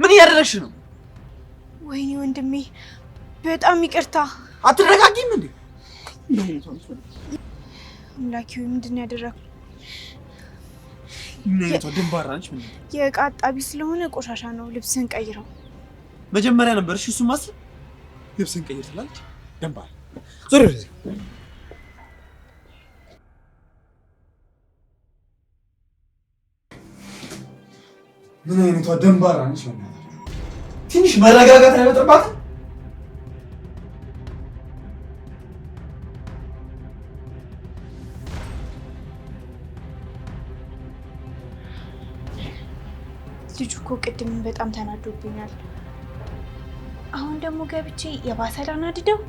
ምን እያደረግሽ ነው? ወይኔ ወንድሜ በጣም ይቅርታ። አትረጋጊም እንዴ? አምላኪ ምንድን ነው ያደረግኩት? የእቃ አጣቢ ስለሆነ ቆሻሻ ነው። ልብስን ቀይረው መጀመሪያ ነበርሽ እሱ ማስብ ልብስን ቀይር ትላለች። ደንባር ዞር ምን አይነቷ ደንባራ ነች? ትንሽ መረጋጋት አይበጥርባትም? ልጁ እኮ ቅድም በጣም ተናዶብኛል። አሁን ደግሞ ገብቼ የባሰ አድደው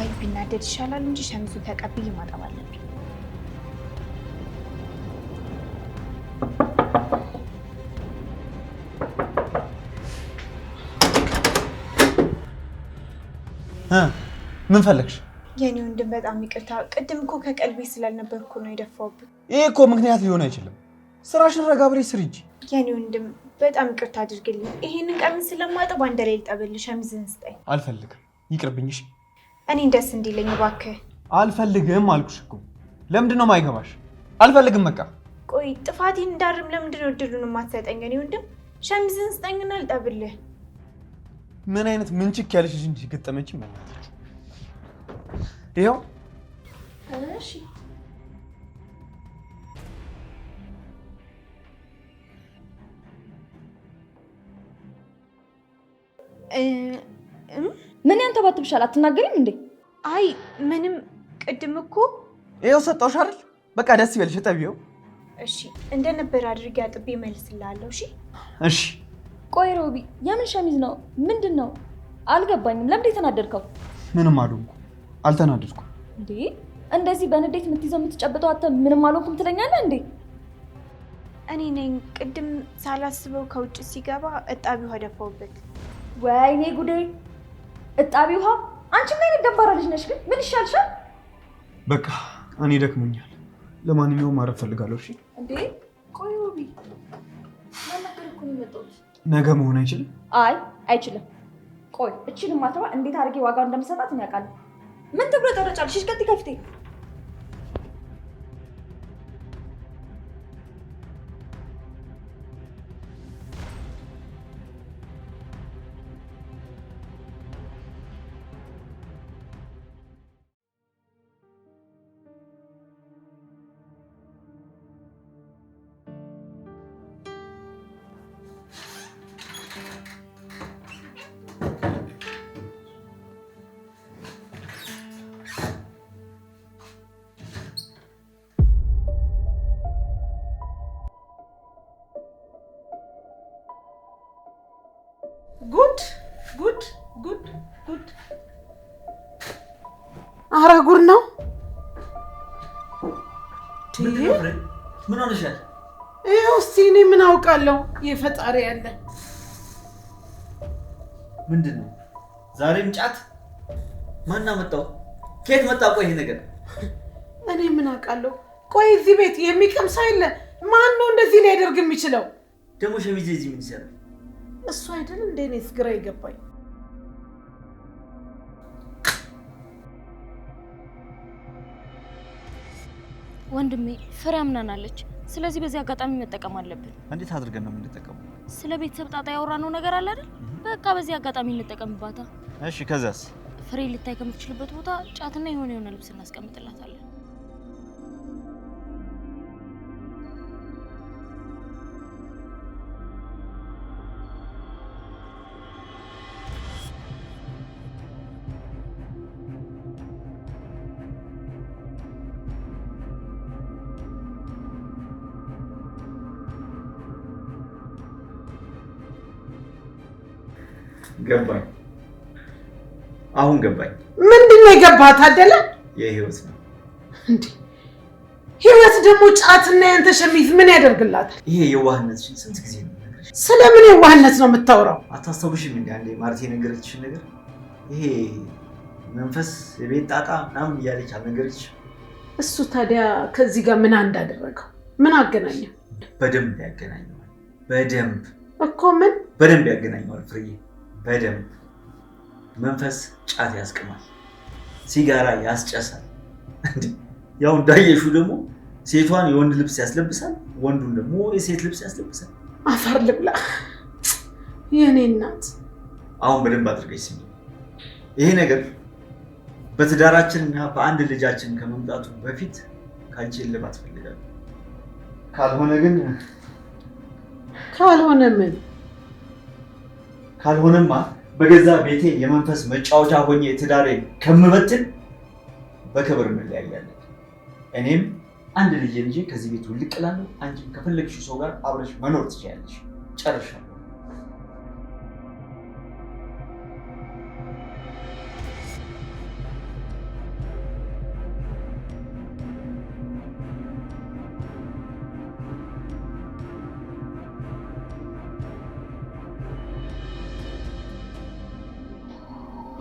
አይ ቢናደድ ይሻላል እንጂ ሸሚዙ ተቀብዬ ማጠባለ ምን ፈለግሽ? የኔ ወንድም በጣም ይቅርታ፣ ቅድም እኮ ከቀልቤ ስላልነበርኩ ነው የደፋውብን። ይህ እኮ ምክንያት ሊሆን አይችልም። ስራሽን ረጋ ብለሽ ስሪ እንጂ። የኔ ወንድም በጣም ይቅርታ አድርግልኝ። ይሄንን ቀሚስ ስለማጥብ አንድ ላይ ልጠብልሽ፣ ሸሚዝን ስጠኝ። አልፈልግም፣ ይቅርብኝሽ። እኔን ደስ እንዲለኝ እባክህ። አልፈልግም አልኩሽ እኮ። ለምንድን ነው ማይገባሽ? አልፈልግም በቃ። ቆይ ጥፋቴን እንዳርም ለምንድን ነው እድሉን የማትሰጠኝ? የኔ ወንድም ሸሚዝን ስጠኝና ልጠብልህ። ምን አይነት ምንችክ ያለሽ እንጂ ገጠመች መናታችሁ ይኸው ምን ያንተባትብሻል? አትናገሪም እንዴ? አይ ምንም። ቅድም እኮ ይኸው ሰጠሁሽ አይደል? በቃ ደስ ይበልሽ። ጠቢው እሺ፣ እንደነበረ አድርጌ አጥቤ መልስላለሁ። እሺ፣ እሺ። ቆይ ሮቢ፣ የምን ሸሚዝ ነው? ምንድን ነው? አልገባኝም። ለምንድን የተናደድከው? ምንም አልሆንኩም። አልተናደድኩም። እንዴ እንደዚህ በንዴት የምትይዘው የምትጨብጠው አንተ ምንም አልሆንኩም ትለኛለህ እንዴ? እኔ ነኝ ቅድም ሳላስበው ከውጭ ሲገባ እጣቢ ውሃ ደፋውበት። ወይኔ ጉዴ! እጣቢ ውሃ! አንቺ ምን አይነት ደባራ ልጅ ነሽ ግን? ምን ይሻልሻል? በቃ እኔ ደክሞኛል። ለማንኛውም ማረፍ ፈልጋለሁ። እሺ። እንዴ ቆይ ውቢ፣ ነገ መሆን አይችልም? አይ አይችልም። ቆይ እችን ማተባ እንዴት አድርጌ ዋጋው እንደምሰጣት እኔ ያውቃለሁ? ምን ትብሎ ተረጫለሽ? ቀጥ ከፍቴ ጉድ ጉድ ጉድ ጉድ! አረ ጉድ ነው። ምን ሆነሻል? ይኸው እስኪ እኔ ምን አውቃለሁ። የፈጣሪ ያለ ምንድን ነው? ዛሬም ጫት ማና መጣው? ከየት መጣ? ቆይ ይሄ ነገር እኔ ምን አውቃለሁ? ቆይ እዚህ ቤት የሚቀምስ የለ። ማን ነው እንደዚህ ሊያደርግ የሚችለው? ደግሞ ሸሚዜ እዚህ ምን ይሰራል? እሱ አይደል እንደ እኔስ ግራ ይገባኝ። ወንድሜ ፍሬ አምናናለች። ስለዚህ በዚህ አጋጣሚ መጠቀም አለብን። እንዴት አድርገን ነው የምንጠቀመው? ስለ ቤተሰብ ጣጣ ያወራነው ነገር አለ አይደል? በቃ በዚህ አጋጣሚ እንጠቀምባታ። እሺ፣ ከዛስ? ፍሬ ልታይ ከምትችልበት ቦታ ጫትና የሆነ የሆነ ልብስ እናስቀምጥላታለን። ገባኝ። አሁን ገባኝ። ምንድን ነው የገባህ ታደለ? የህይወት ነው እንዴ? ህይወት ደግሞ ጫትና ያንተ ሸሚዝ ምን ያደርግላታል? ይሄ የዋህነት ስንት ጊዜ ነው? ስለምን የዋህነት ነው የምታወራው? አታስታውሽም? እንዲ አንዴ ማለት የነገረችሽን ነገር ይሄ መንፈስ የቤት ጣጣ ምናምን እያለች አልነገረች። እሱ ታዲያ ከዚህ ጋር ምን አንድ ምን አገናኘው? በደንብ ያገናኘዋል። በደንብ እኮ ምን በደንብ ያገናኘዋል ፍርዬ በደንብ መንፈስ ጫት ያስቅማል፣ ሲጋራ ያስጨሳል። ያው እንዳየሹ ደግሞ ሴቷን የወንድ ልብስ ያስለብሳል፣ ወንዱን ደግሞ የሴት ልብስ ያስለብሳል። አፈር ልብላ የእኔ እናት። አሁን በደንብ አድርገች ስሚ። ይሄ ነገር በትዳራችንና በአንድ ልጃችን ከመምጣቱ በፊት ከአንቺ እልባት ፈልጋለሁ። ካልሆነ ግን ካልሆነ ምን ካልሆነማ በገዛ ቤቴ የመንፈስ መጫወቻ ሆኜ ትዳሬን ከምበትን በክብር እንለያያለን። እኔም አንድ ልጅ ልጄ ከዚህ ቤት ውልቅ እላለሁ። አንቺም ከፈለግሽው ሰው ጋር አብረሽ መኖር ትችያለሽ። ጨርሻለሁ።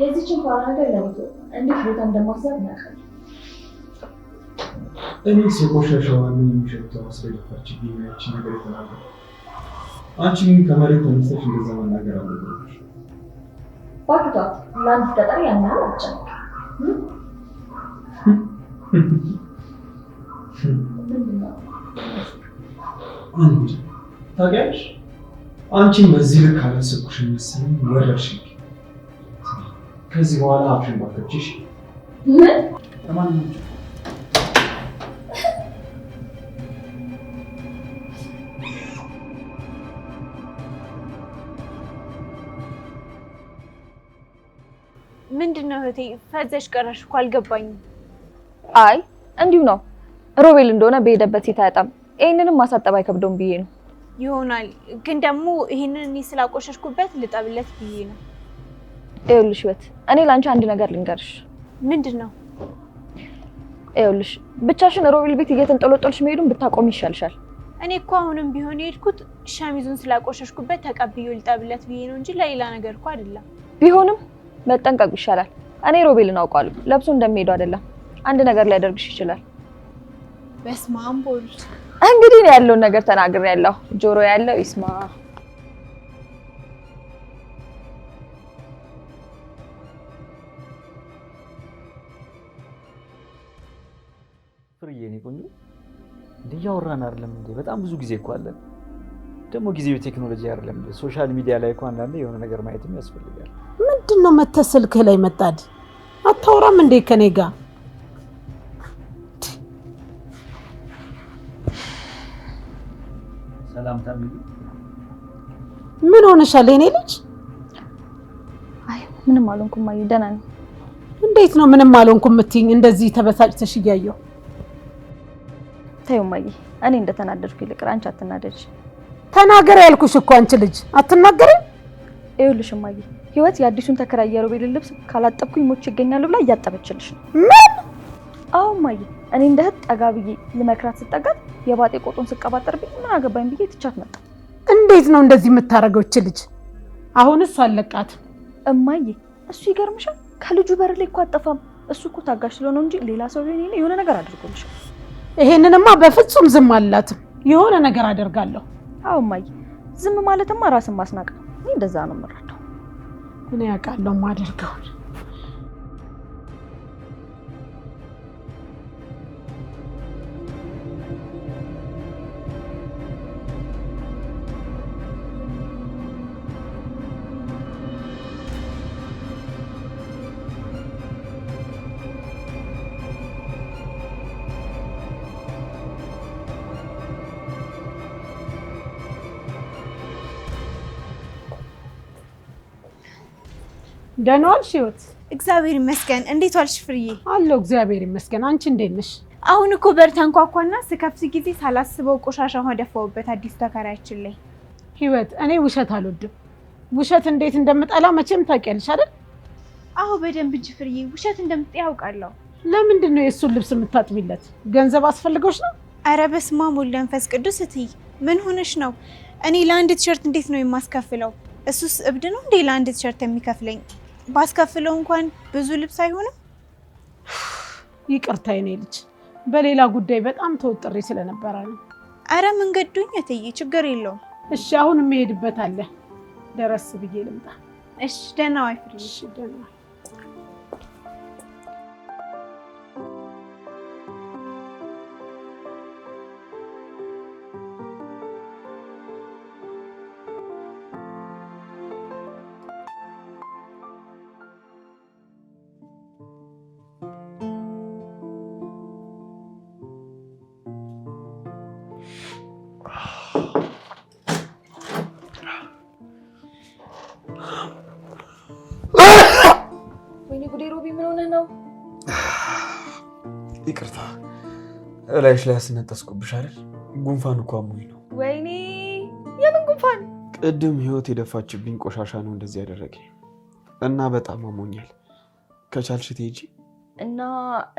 የዚህች እንኳን ሀገር ለምቶ እንዴት ቦታ እንደማሰብ ናቀል እኔ የቆሻሻዋ ምን የሚሸተው አስደግፋች ቢናች ነገር የተናገር አንቺ ምን ከመሬት ተነስተሽ እንደዛ መናገር አለብሽ። ባክቷት ለአንድ ተጠሪ ያናል አጫ አንድ ታውቂያለሽ፣ አንቺን በዚህ ልክ አላሰብኩሽ መሰለኝ ወረድሽኝ። ከዚህ በኋላ አብሽን ባከችሽ። ምን ለማንኛውም ምንድን ነው እህቴ ፈዘሽ ቀረሽ እኮ አልገባኝም። አይ እንዲሁ ነው። ሮቤል እንደሆነ በሄደበት ሴት አያጣም። ይህንንም ማሳጠብ አይከብደውም ብዬ ነው። ይሆናል ግን ደግሞ ይህንን እኔ ስላቆሸሽኩበት ልጠብለት ብዬ ነው። ይኸውልሽ ህይወት፣ እኔ ለአንቺ አንድ ነገር ልንገርሽ። ምንድን ነው? ይኸውልሽ ብቻሽን ሮቤል ቤት እየተንጠለጠልሽ መሄዱን ብታቆሚ ይሻልሻል። እኔ እኮ አሁንም ቢሆን የሄድኩት ሸሚዙን ስላቆሸሽኩበት ተቀብዮ ልጠብለት ብዬ ነው እንጂ ለሌላ ነገር እኮ አይደለም። ቢሆንም መጠንቀቁ ይሻላል። እኔ ሮቤል እናውቀዋለሁ፣ ለብሶ እንደሚሄዱ አይደለም። አንድ ነገር ሊያደርግሽ ይችላል። በስመ አብ ወልድ። እንግዲህ ያለውን ነገር ተናግሬያለሁ። ጆሮ ያለው ይስማ። ፍቅርዬ እኔ ቆንጆ እንደ እያወራን አይደለም እንዴ? በጣም ብዙ ጊዜ እኮ አለን። ደግሞ ጊዜው ቴክኖሎጂ አይደለም ሶሻል ሚዲያ ላይ እኮ አንዳንዴ የሆነ ነገር ማየትም ያስፈልጋል። ምንድን ነው መተህ ስልክህ ላይ መጣድ? አታወራም እንዴ ከኔ ጋር? ምን ሆነሻል የኔ ልጅ? አይ ምንም አልሆንኩም። ደህና ነኝ። እንዴት ነው ምንም አልሆንኩም የምትይኝ? እንደዚህ ተበሳጭተሽ እያየሁ ታዩ ማዬ፣ እኔ እንደተናደድኩ ይልቅር አንቺ አትናደጅ። ተናገሪ ያልኩሽ እኮ አንቺ ልጅ አትናገሪ። ይኸውልሽ ማዬ፣ ህይወት የአዲሱን ተከራይ የሮቤልን ልብስ ካላጠብኩኝ ሞች ይገኛሉ ብላ እያጠበችልሽ ነው። ምን? አዎ ማዬ፣ እኔ እንደ እህት ጠጋ ብዬ ልመክራት ስጠጋት የባጤ ቆጡን ስቀባጠርብኝ ምን አገባኝ ብዬ ትቻት መጣ። እንዴት ነው እንደዚህ የምታደርገው እች ልጅ? አሁን እሱ አለቃት እማዬ። እሱ ይገርምሻል፣ ከልጁ በር ላይ እኮ አጠፋም። እሱ እኮ ታጋሽ ስለሆነው እንጂ ሌላ ሰው ቢሆን የሆነ ነገር አድርጎልሻል። ይሄንንማ በፍጹም ዝም አላትም። የሆነ ነገር አደርጋለሁ። አዎ እማዬ፣ ዝም ማለትማ ራስን ማስናቅ ነው። እንደዛ ነው የምረዳው። እኔ ያውቃለሁ ማደርገውን ደህና ዋልሽ ህይወት? እግዚአብሔር ይመስገን። እንዴት ዋልሽ ፍርዬ? አለሁ እግዚአብሔር ይመስገን። አንቺ እንዴት ነሽ? አሁን እኮ በር ተንኳኳና ስከፍት ጊዜ ሳላስበው ቆሻሻ ደፋውበት አዲሱ ተከራያችን ላይ። ህይወት እኔ ውሸት አልወድም። ውሸት እንዴት እንደምጠላ መቼም ታውቂያለሽ አይደል? አዎ በደንብ እንጂ ፍርዬ፣ ውሸት እንደምትጠይ ያውቃለሁ። ለምንድን ነው የእሱን ልብስ የምታጥቢለት? ገንዘብ አስፈልገሽ ነው? ኧረ በስመ አብ ወወልድ ወመንፈስ ቅዱስ እትዬ ምን ሆነሽ ነው? እኔ ለአንድ ቲሸርት እንዴት ነው የማስከፍለው? እሱስ እብድ ነው እንዴ ለአንድ ቲሸርት የሚከፍለኝ? ባስከፍለው እንኳን ብዙ ልብስ አይሆንም። ይቅርታ የኔ ልጅ፣ በሌላ ጉዳይ በጣም ተወጥሬ ስለነበረ ነው። አረ መንገዱኝ እትዬ፣ ችግር የለውም። እሺ አሁን የምሄድበት አለ፣ ደረስ ብዬ ልምጣ። እሺ ደህና ዋይ። እላይሽ ላይ ያስነጠስኩብሽ አይደል? ጉንፋን እኮ አሞኝ ነው። ወይኔ የምን ጉንፋን? ቅድም ህይወት የደፋችብኝ ቆሻሻ ነው እንደዚህ ያደረገኝ እና በጣም አሞኛል። ከቻልሽ ትሄጂ እና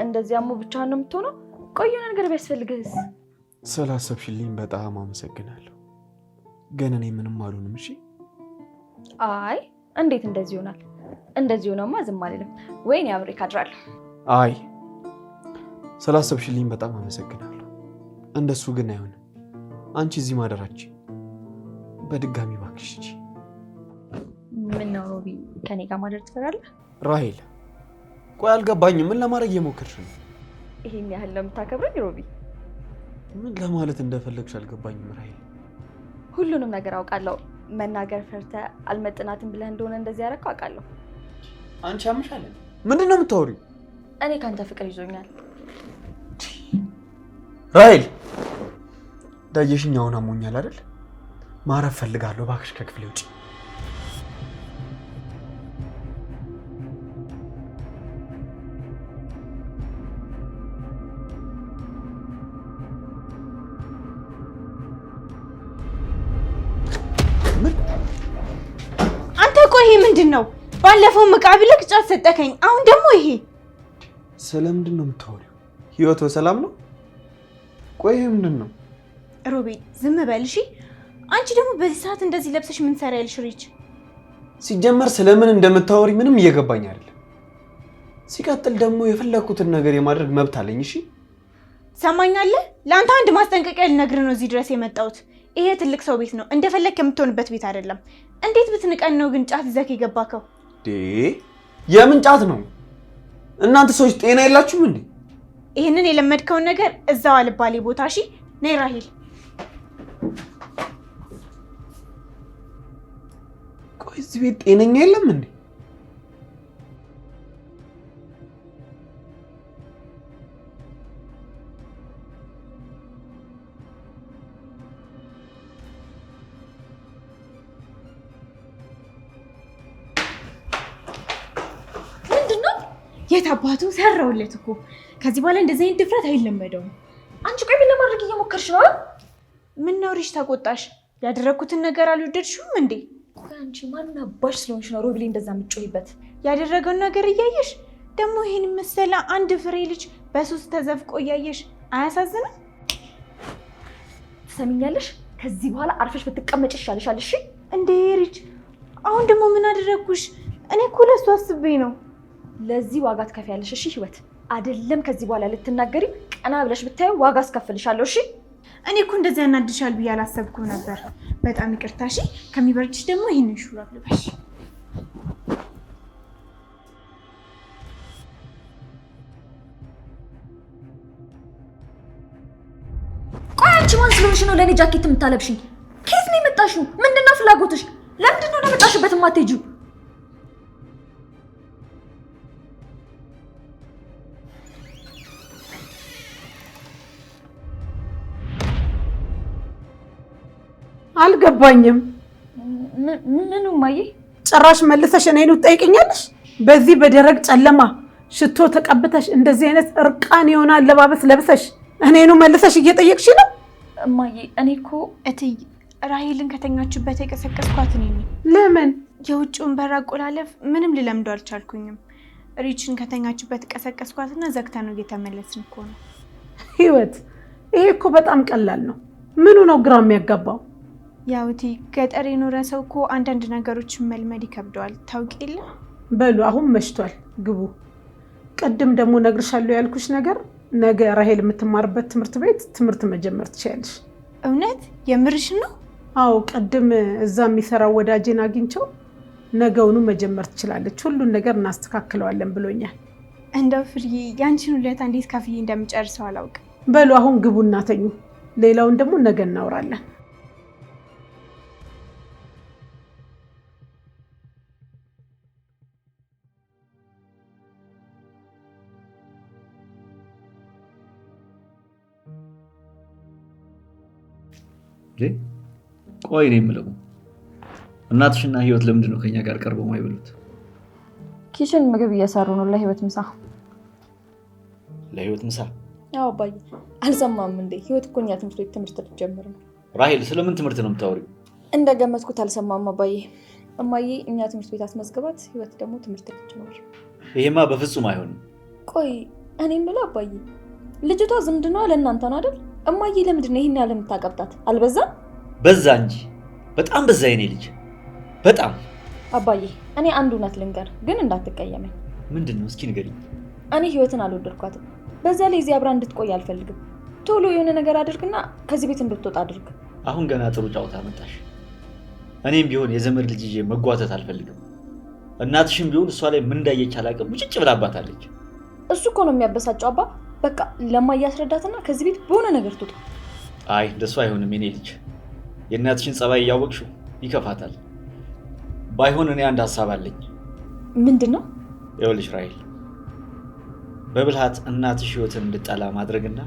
እንደዚህ አሞ ብቻህን ነው የምትሆነው? ቆየ ነገር ቢያስፈልግህስ? ስላሰብሽልኝ በጣም አመሰግናለሁ። ግን እኔ ምንም አልሆንም። እሺ። አይ እንዴት እንደዚህ ይሆናል? እንደዚህ ሆነማ ዝም አልልም። ወይኔ አብሬ ካድራለሁ። አይ ስላሰብሽልኝ በጣም አመሰግናለሁ። እንደሱ ግን አይሆንም። አንቺ እዚህ ማደራች በድጋሚ እባክሽ ሂጂ። ምን ነው ሮቢ፣ ከኔ ጋር ማደር ትፈራለህ? ራሄል፣ ቆይ አልገባኝም። ምን ለማድረግ እየሞከርሽ ነው? ይሄን ያህል ለምታከብረኝ ሮቢ፣ ምን ለማለት እንደፈለግሽ አልገባኝም። ራሄል፣ ሁሉንም ነገር አውቃለሁ። መናገር ፈርተህ አልመጥናትም ብለህ እንደሆነ እንደዚህ ያደረከው አውቃለሁ። አንቺ አምሻለን። ምንድን ነው የምታወሪው? እኔ ከአንተ ፍቅር ይዞኛል ራይል ዳየሽኝ፣ አሁን አሞኛል አይደል? ማረፍ ፈልጋለሁ። እባክሽ ከክፍሌ ውጭ አንተ ቆይ፣ ይሄ ምንድን ነው? ባለፈው መቃብልክ ጫት ሰጠከኝ፣ አሁን ደግሞ ይሄ። ስለምንድን ነው የምታወሪው? ህይወት ሰላም ነው? ቆይ ይሄ ምንድን ነው? ሮቤል ዝም በል እሺ። አንቺ ደግሞ በዚህ ሰዓት እንደዚህ ለብሰሽ ምን ትሰሪያለሽ? ሪች ሲጀመር ስለምን እንደምታወሪ ምንም እየገባኝ አይደለም። ሲቀጥል ደግሞ የፈለኩትን ነገር የማድረግ መብት አለኝ። እሺ ትሰማኛለህ? ለአንተ አንድ ማስጠንቀቂያ ልነግርህ ነው እዚህ ድረስ የመጣሁት። ይሄ ትልቅ ሰው ቤት ነው፣ እንደፈለግ የምትሆንበት ቤት አይደለም። እንዴት ብትንቀን ነው ግን ጫት ይዘህ የገባከው? የምን ጫት ነው? እናንተ ሰዎች ጤና የላችሁም እንዴ? ይህንን የለመድከውን ነገር እዛው አልባሌ ቦታ እሺ። ነይ ራሂል። ቆይ እዚህ ቤት ጤነኛ የለም እንዴ? አቤት አባቱ ሰራውለት እኮ። ከዚህ በኋላ እንደዚህ አይነት ድፍረት አይለመደውም። አንቺ ቆይ ምን ለማድረግ እየሞከርሽ ነው? ምን ነው ሪሽ ተቆጣሽ? ያደረግኩትን ነገር አልወደድሽውም እንዴ? ቆይ አንቺ ማን አባሽ ስለሆንሽ ነው ሮብሌ እንደዛ የምትጮይበት? ያደረገውን ነገር እያየሽ ደግሞ ይሄን መሰለ አንድ ፍሬ ልጅ በሱስ ተዘፍቆ እያየሽ አያሳዝንም? ትሰሚኛለሽ? ከዚህ በኋላ አርፈሽ ብትቀመጭ ይሻልሻል። እሺ? እንዴ ሪች፣ አሁን ደግሞ ምን አደረግኩሽ? እኔ እኮ ለሱ አስቤ ነው ለዚህ ዋጋ ትከፍያለሽ። እሺ ህይወት አይደለም ከዚህ በኋላ ልትናገሪ ቀና ብለሽ ብታዩ ዋጋ አስከፍልሻለሁ። እሺ እኔ እኮ እንደዚህ ያናድሻል ብዬ አላሰብኩም ነበር። በጣም ይቅርታ። እሺ ከሚበርድሽ ደግሞ ይህንን ሹራብ ልበሽ። ቆይ አንቺ ማን ስለሆንሽ ነው ለእኔ ጃኬት የምታለብሽኝ? ከየት ነው የመጣሽው? ምንድነው ፍላጎትሽ? ለምንድነው ለመጣሽበት የማትሄጂው? አልገባኝም። ምኑ ማዬ? ጭራሽ መልሰሽ እኔን ትጠይቅኛለሽ? በዚህ በደረቅ ጨለማ ሽቶ ተቀብተሽ እንደዚህ አይነት እርቃን የሆነ አለባበስ ለብሰሽ እኔኑ መልሰሽ እየጠየቅሽ ነው? እማዬ እኔ እኮ እትዬ ራሄልን ከተኛችበት የቀሰቀስኳት እኔ ነኝ። ለምን? የውጭውን በር አቆላለፍ ምንም ልለምደው አልቻልኩኝም። ሪችን ከተኛችበት ቀሰቀስኳትና ዘግታ ነው እየተመለስን እኮ ነው። ህይወት፣ ይሄ እኮ በጣም ቀላል ነው። ምኑ ነው ግራ የሚያጋባው? ያው ገጠር የኖረ ሰው እኮ አንዳንድ ነገሮችን መልመድ ይከብደዋል። ታውቂ የለ በሉ አሁን መሽቷል፣ ግቡ። ቅድም ደግሞ ነግርሻለሁ ያልኩሽ ነገር ነገ ራሄል የምትማርበት ትምህርት ቤት ትምህርት መጀመር ትችያለሽ። እውነት የምርሽ ነው? አዎ ቅድም እዛ የሚሰራው ወዳጄን አግኝቸው ነገውኑ መጀመር ትችላለች፣ ሁሉን ነገር እናስተካክለዋለን ብሎኛል። እንደው ፍርዬ ያንቺን ሁለት እንዴት ከፍዬ እንደምጨርሰው አላውቅም። በሉ አሁን ግቡ እናተኙ፣ ሌላውን ደግሞ ነገ እናውራለን። ቆይ ነው የምለው። እናትሽና ህይወት ለምንድን ነው ከኛ ጋር ቀርበው ማይበሉት? ኪችን ምግብ እየሰሩ ነው ለህይወት ምሳ። ለህይወት ምሳ? አዎ አባዬ፣ አልሰማም እንዴ? ህይወት እኮ እኛ ትምህርት ቤት ትምህርት ልትጀምር ነው። ራሄል፣ ስለምን ትምህርት ነው የምታወሪው? እንደገመትኩት አልሰማም አባዬ። እማዬ፣ እኛ ትምህርት ቤት አስመዝግባት፣ ህይወት ደግሞ ትምህርት ልትጀምር። ይሄማ በፍጹም አይሆንም። ቆይ እኔ የምለው አባዬ፣ ልጅቷ ዝምድናዋ ለእናንተ ነው አይደል? እማዬ ለምንድን ነው ይህን ያህል የምታቀብጣት? አልበዛም? በዛ እንጂ በጣም በዛ። የኔ ልጅ በጣም አባዬ፣ እኔ አንድ እውነት ልንገር ግን እንዳትቀየመኝ። ምንድን ነው እስኪ ንገሪኝ። እኔ ህይወትን አልወደድኳትም። በዛ ላይ እዚህ አብራ እንድትቆይ አልፈልግም። ቶሎ የሆነ ነገር አድርግና ከዚህ ቤት እንድትወጣ አድርግ። አሁን ገና ጥሩ ጫወታ መጣሽ። እኔም ቢሆን የዘመድ ልጅ ይዤ መጓተት አልፈልግም። እናትሽም ቢሆን እሷ ላይ ምን እንዳየች አላውቅም። ውጭጭ ብላባታለች። እሱ እኮ ነው የሚያበሳጨው አባ በቃ እያስረዳትና ከዚህ ቤት በሆነ ነገር ትውጣ። አይ እንደሱ አይሆንም የኔ ልጅ። የእናትሽን ጸባይ እያወቅሽው ይከፋታል። ባይሆን እኔ አንድ ሀሳብ አለኝ። ምንድን ነው? ይኸውልሽ ራይል፣ በብልሃት እናትሽ ህይወትን እንድጠላ ማድረግና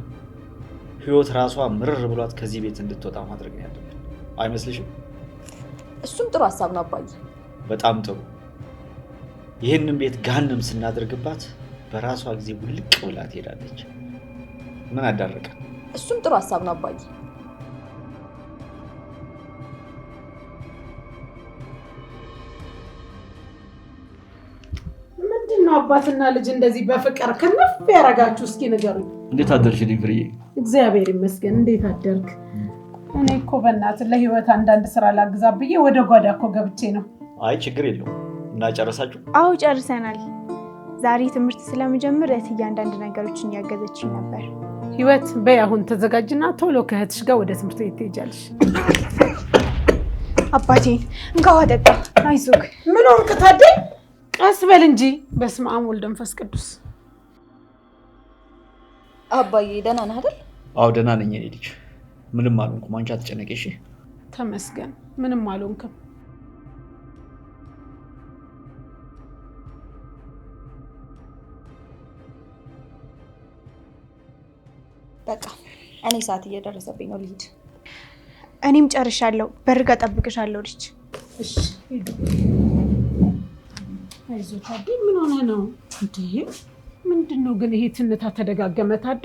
ህይወት ራሷ ምርር ብሏት ከዚህ ቤት እንድትወጣ ማድረግ ነው ያለብን። አይመስልሽም? እሱም ጥሩ ሀሳብ ነው አባዬ። በጣም ጥሩ። ይህንን ቤት ጋንም ስናደርግባት በራሷ ጊዜ ውልቅ ብላ ትሄዳለች። ምን አዳረቀ? እሱም ጥሩ ሀሳብ ነው አባዬ። አባትና ልጅ እንደዚህ በፍቅር ክንፍ ያደረጋችሁ እስኪ ንገሩኝ። እንዴት አደርሽ ዲፍሪ? እግዚአብሔር ይመስገን። እንዴት አደርግ? እኔ እኮ በእናት ለህይወት አንዳንድ ስራ ላግዛ ብዬ ወደ ጓዳ እኮ ገብቼ ነው። አይ ችግር የለው እና ጨረሳችሁ? አዎ ጨርሰናል። ዛሬ ትምህርት ስለምጀምር እህት እያንዳንድ ነገሮችን እያገዘችኝ ነበር። ህይወት በይ አሁን ተዘጋጅና ቶሎ ከእህትሽ ጋር ወደ ትምህርት ቤት ትሄጃለሽ። አባቴ እንካዋ ጠጣ። አይዞክ። ምን ሆንክ ታዲያ? ቀስ በል እንጂ። በስመ አብ ወልድ መንፈስ ቅዱስ። አባዬ ደህና ነህ አይደል? አዎ ደህና ነኝ። እኔ ልጅ ምንም አልሆንኩም። አንቺ አትጨነቂ እሺ? ተመስገን። ምንም አልሆንክም። በቃ እኔ ሰዓት እየደረሰብኝ ነው፣ ልሂድ። እኔም ጨርሻለሁ። በርጋ ጠብቅሻለሁ። ልጅ አይዞህ ታዴ፣ ምን ሆነ ነው እንዴ? ምንድን ነው ግን ይሄ ትንታ ተደጋገመ ታዴ?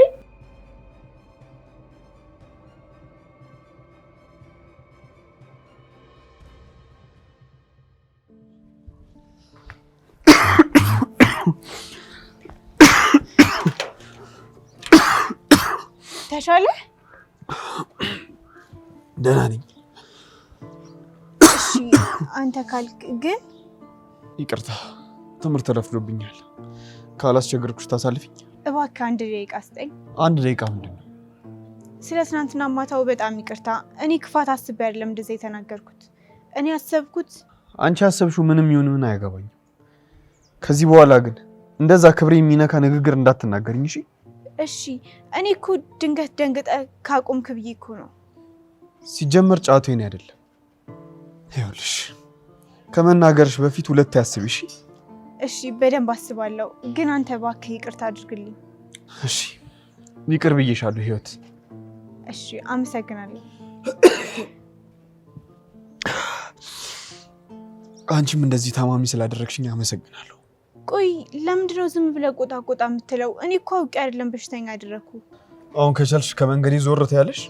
ደህና ነኝ። እሺ አንተ ካልክ ግን ይቅርታ፣ ትምህርት ተረፍዶብኛል። ካላስቸገርኩሽ ታሳልፊኝ እባክህ። አንድ ደቂቃ ስጠኝ። አንድ ደቂቃ ምንድን ነው? ስለ ትናንትና ማታው በጣም ይቅርታ። እኔ ክፋት አስቤ አይደለም እንደዛ የተናገርኩት። እኔ ያሰብኩት አንቺ ያሰብሽው ምንም ይሁን ምን አያገባኝም። ከዚህ በኋላ ግን እንደዛ ክብሬ የሚነካ ንግግር እንዳትናገርኝ እሺ? እሺ። እኔ እኮ ድንገት ደንግጠ ካቆምክ ብዬ እኮ ነው ሲጀመር ጫቱ የኔ አይደለም። ይኸውልሽ ከመናገርሽ በፊት ሁለት ያስብሽ። እሺ በደንብ አስባለሁ፣ ግን አንተ እባክህ ይቅርታ አድርግልኝ። እሺ ይቅር ብዬሻለሁ ህይወት። እሺ አመሰግናለሁ። አንቺም እንደዚህ ታማሚ ስላደረግሽኝ አመሰግናለሁ። ቆይ ለምንድነው ዝም ብለህ ቆጣ ቆጣ የምትለው? እኔ እኮ አውቄ አይደለም በሽተኛ አደረግኩ። አሁን ከቻልሽ ከመንገዴ ዞር ትያለሽ።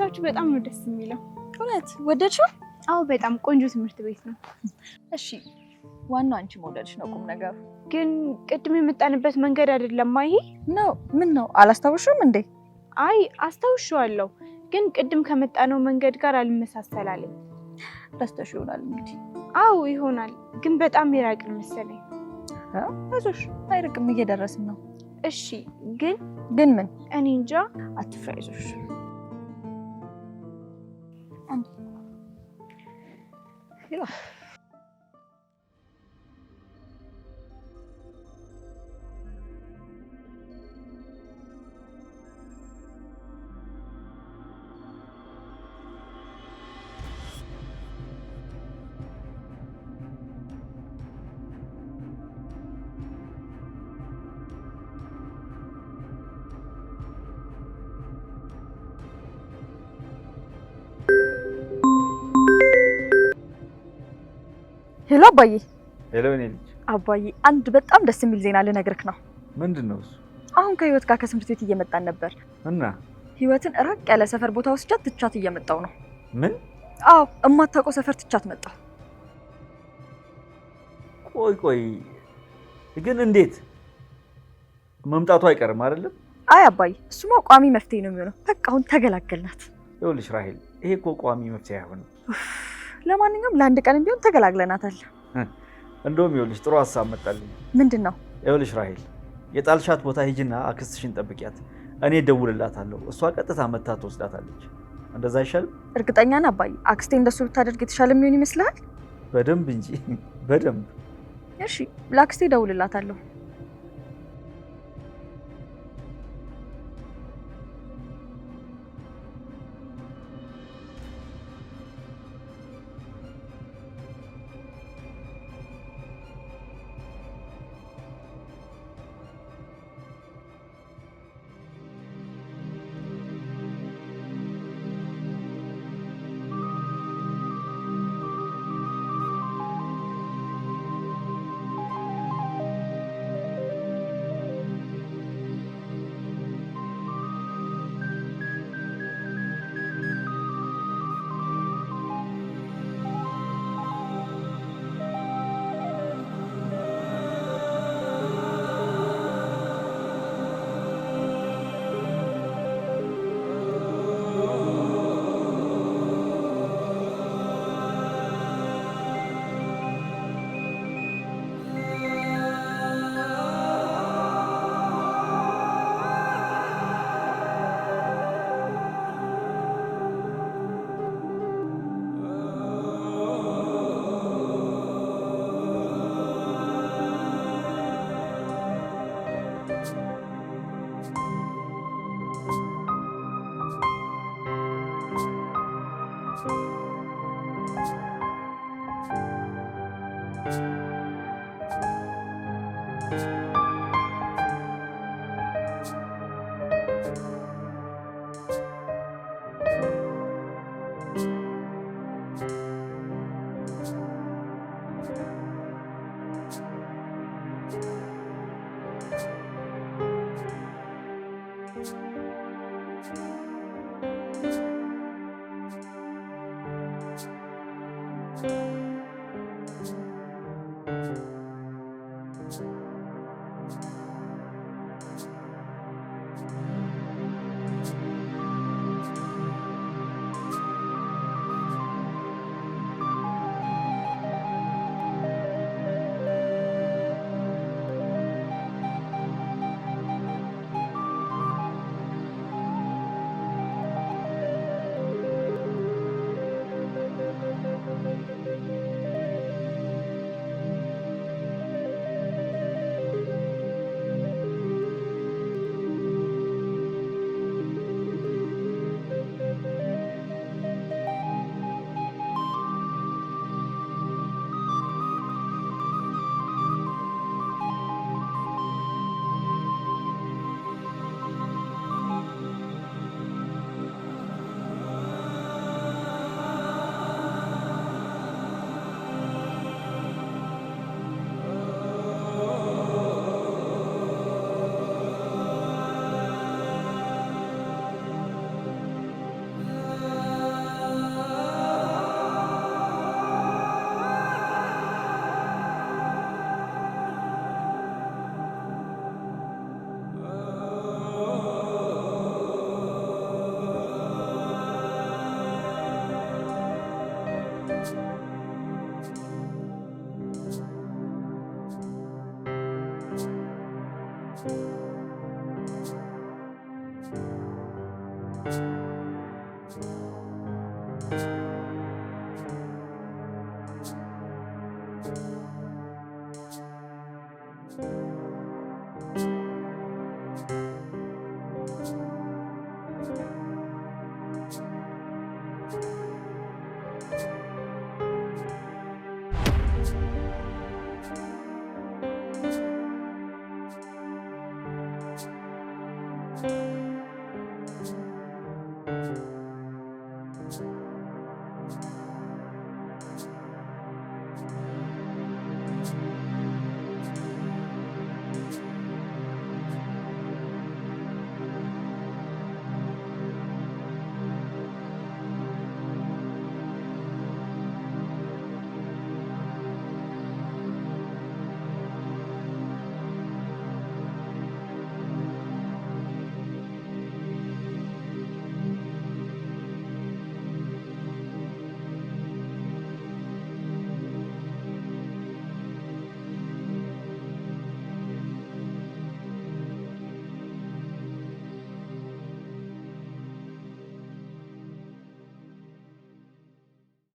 ሁኔታዎቹ በጣም ነው ደስ የሚለው። እውነት ወደድሽው? አዎ በጣም ቆንጆ ትምህርት ቤት ነው። እሺ ዋናው አንቺ መውደድሽ ነው ቁም ነገሩ። ግን ቅድም የመጣንበት መንገድ አይደለም ይሄ ነው። ምን ነው አላስታውሽም እንዴ? አይ አስታውሻለሁ፣ ግን ቅድም ከመጣነው መንገድ ጋር አልመሳሰላለኝ። ረስተሽ ይሆናል እንግዲህ። አዎ ይሆናል፣ ግን በጣም የራቅን መሰለኝ። አይዞሽ አይርቅም፣ እየደረስን ነው። እሺ ግን ግን ምን እኔ እንጃ። አትፍራ፣ አይዞሽ 对了。ሄሎ አባዬ። ሄሎ እኔ ልጅ። አባዬ አንድ በጣም ደስ የሚል ዜና ልነግርክ ነው። ምንድን ነው እሱ? አሁን ከህይወት ጋር ከትምህርት ቤት እየመጣን ነበር እና ህይወትን ራቅ ያለ ሰፈር ቦታ ወስጃት ትቻት እየመጣው ነው። ምን? አዎ እማታውቀው ሰፈር ትቻት መጣሁ። ቆይ ቆይ ግን እንዴት? መምጣቱ አይቀርም አይደለም? አይ አባዬ፣ እሱማ ቋሚ መፍትሄ ነው የሚሆነው። በቃ አሁን ተገላገልናት። ይኸውልሽ ራሄል፣ ይሄ እኮ ቋሚ መፍትሄ አይሆንም። ለማንኛውም ለአንድ ቀንም ቢሆን ተገላግለናታል። እንደውም ይኸውልሽ ጥሩ ሀሳብ መጣልኝ። ምንድን ነው? ይኸውልሽ ራሄል የጣልሻት ቦታ ሂጂና አክስትሽን ጠብቂያት። እኔ ደውልላታለሁ፣ እሷ ቀጥታ መታ ትወስዳታለች። እንደዛ አይሻልም? እርግጠኛ ነህ አባዬ? አክስቴ እንደሱ ብታደርግ የተሻለ የሚሆን ይመስልሃል? በደንብ እንጂ በደንብ። እሺ ለአክስቴ ደውልላታለሁ።